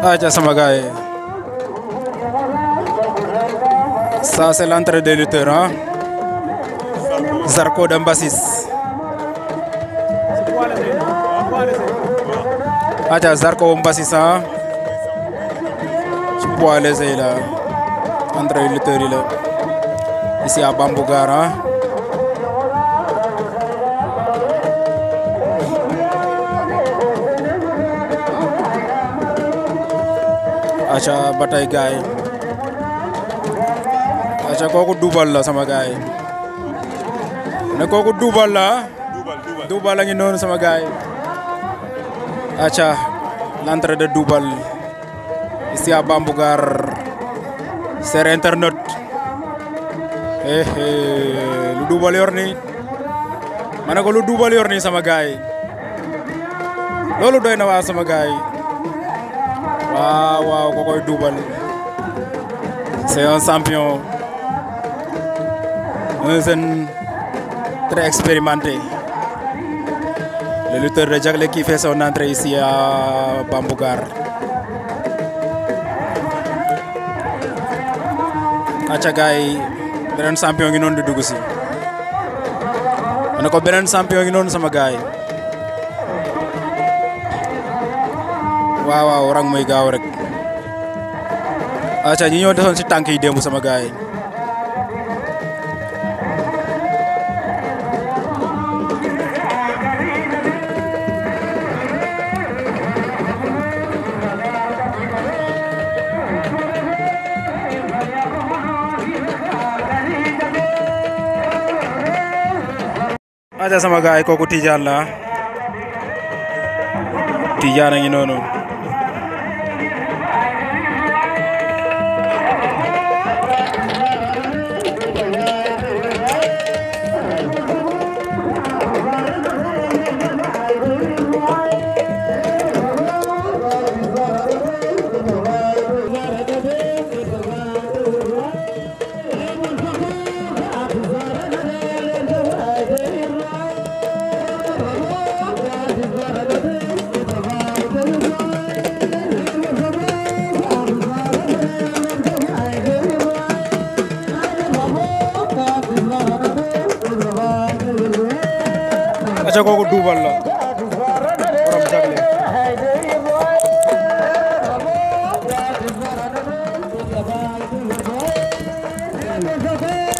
aca sama gars yi ça c'est l'entrée des lutteurs hein Zarko Dambassis aca Zarko Mbassis hein ci poids léger la entrée des lutteurs yi la ici à Bambougar hein aca ba tey gaay aca kooku duubal la sama gaay ne kooku duubal la duubal la ngi noonu sama gaay aca l'entrée de duubal ici à Bambougar ser internet eh, eh lu duubal yor ni ko lu duubal yor sama gaay loolu doy na waa sama gaay Ah, wow, kok kau duubal Saya un champion un jeune très expérimenté le lutteur de Diaglé qui fait son entrée ici à ah, Bambougar acca gaay beneen champion ngi noonu di sama gaay waaw waaw rang mooy gaaw rek acha ñi ñoo defoon ci tànk yi démb sama gaay aja sama gaay koku Tidiane la Tidiane ngi noonu अच्छा को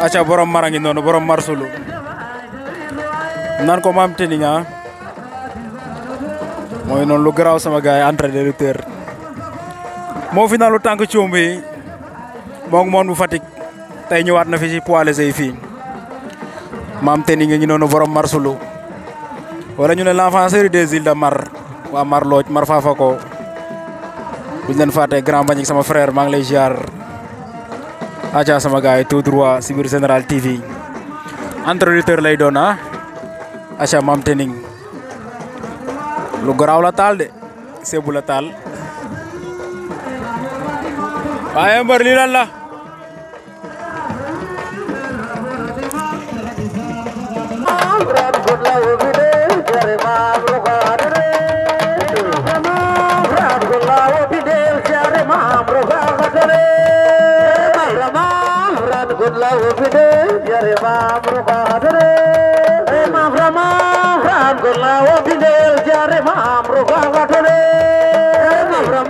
acha borom marangi nono borom acha nan ko mam teninga moy non lu graw sama gaay entrée de lutteur mo finalu tank ciombe mok mon bu fatik tay ñewat na fi ci poids léger fi mam teninga ngi nono borom marsulu wala ñu ne l'enfant série des îles de Mar wa Mar loj Mar Fafako bu ñen faté grand Mbagnick sama frère ma ngi lay ziar aja sama gaay tout droit sibir Général TV introducteur lay dona, acha mam tening lu graw la taal de bu la tal waaye mbër li lan la Oh, ಅದೆಲ್ಲ ಒಪ್ಪಿದೆ ಯಾರೇ ಮಾಮ್ರಗ ಘಟನೆ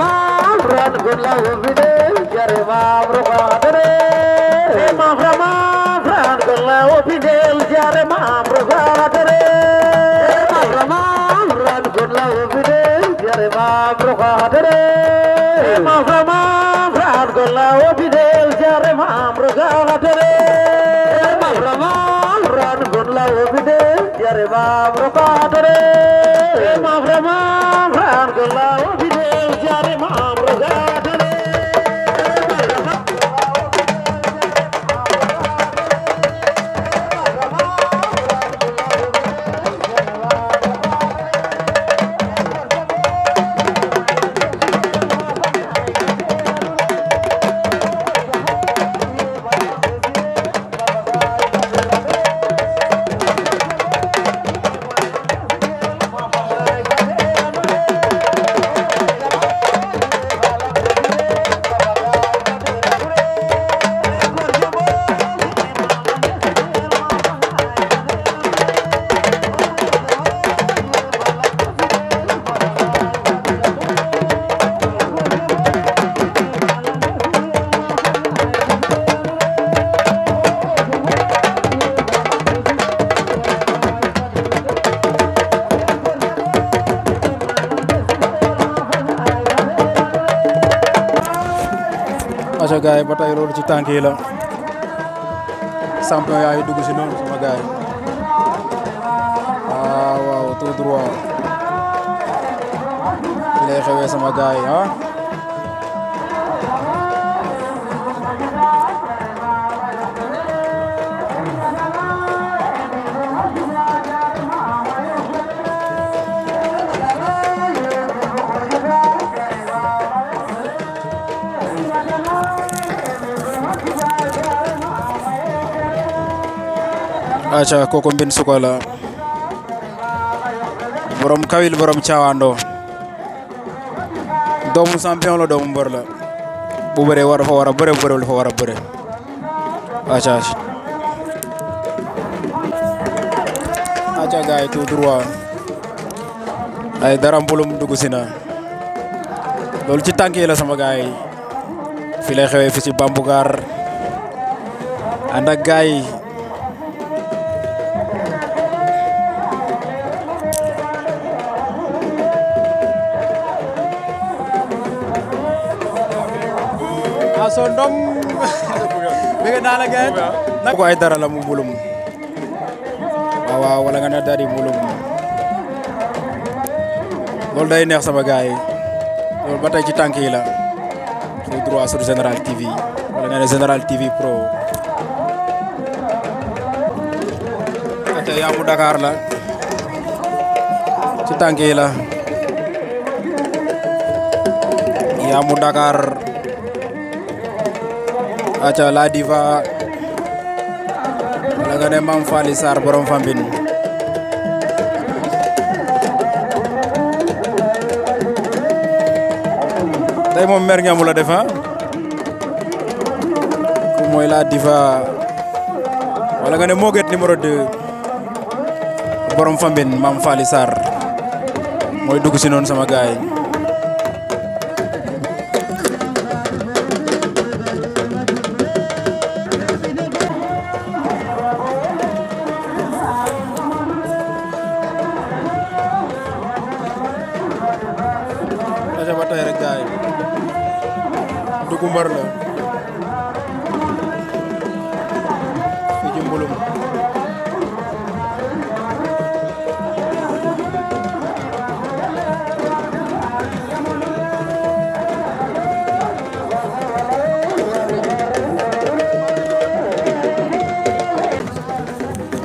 ಮಾಮ್ರ ಅನ್ಕೊಂಡ ಒಪ್ಪಿದೆ ಯಾರೇ ಮಾಮ್ರಗ ಘಟನೆ ಮಾಮ್ರ ಮಾಮ್ರ ಅನ್ಕೊಂಡ ಒಪ್ಪಿದೆ ಯಾರೇ ಮಾಮ್ರಗ ಘಟನೆ ಮಾಮ್ರ ಮಾಮ್ರ ಅನ್ಕೊಂಡ ಒಪ್ಪಿದೆ ಯಾರೇ ಮಾಮ್ರಗ ಘಟನೆ ಮಾಮ್ರ ಮಾಮ್ರ ಅನ್ಕೊಂಡ ಒಪ್ಪಿದೆ ಯಾರೇ ಮಾಮ್ರಗ ಘಟನೆ প্রপাদরে মা ভ্রমা ভ্রাণ গোলাও sa gars yi ba loolu ci tànk yi la champion yaa dugg si noonu sama gars yi waaw waaw tout droit lay xewee sama gars ah aca koko bin sukala borom kawil borom cawan domu champion la domu domu la bu bere war fa wara bere bere bërewul fa war a acha aca aca gaay droit ay daram bulum dugu sina lol ci tanki la sama gay fi lay xewé fi ci bambugar anda gay so ndom bege eh? na la get ko ay dara la mu bulum waaw wala nga na dari bulum lool day neex sama gaay lool batay ci tank yi la tout droit sur tv wala na tv pro ate yamu dakar la ci tank yi la yamu dakar acha la diva wala nga ne mam fali sar borom fambin day mom mer nga la def la diva wala nga ne moget numéro 2 borom fambin mam fali sar moy dugg ci non sama gaay kumbar la fii ci mbulum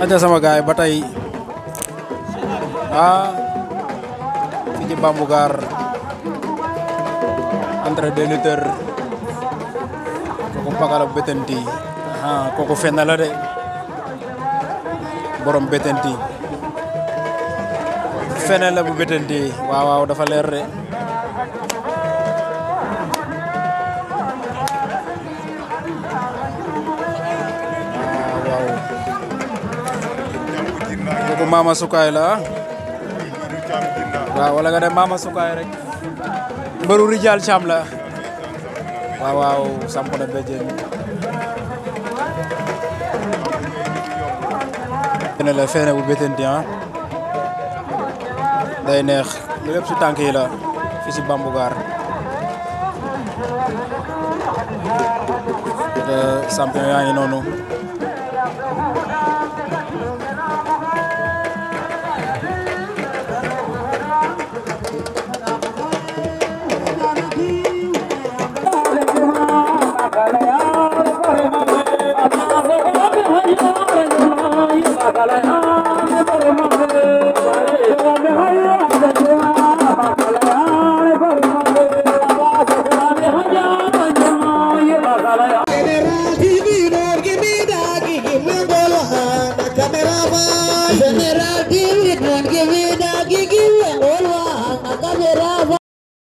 aja sama gaay ba ah fii ci Bambougar entre deux lutteurs pakala betanti ah kooku fenn la de borom betanti fenn la bu betanti waaw dafa leer de. kooku Mama Sukaay la waaw wala nga dem Mama Sukaay rek mbaru Rijal Cham la waaw waaw samp na béjjén ne la feene bu bétanti ah. day neex lu lépp su tànk yi la fi si Bambougar sampion euh, yaa ngi noonu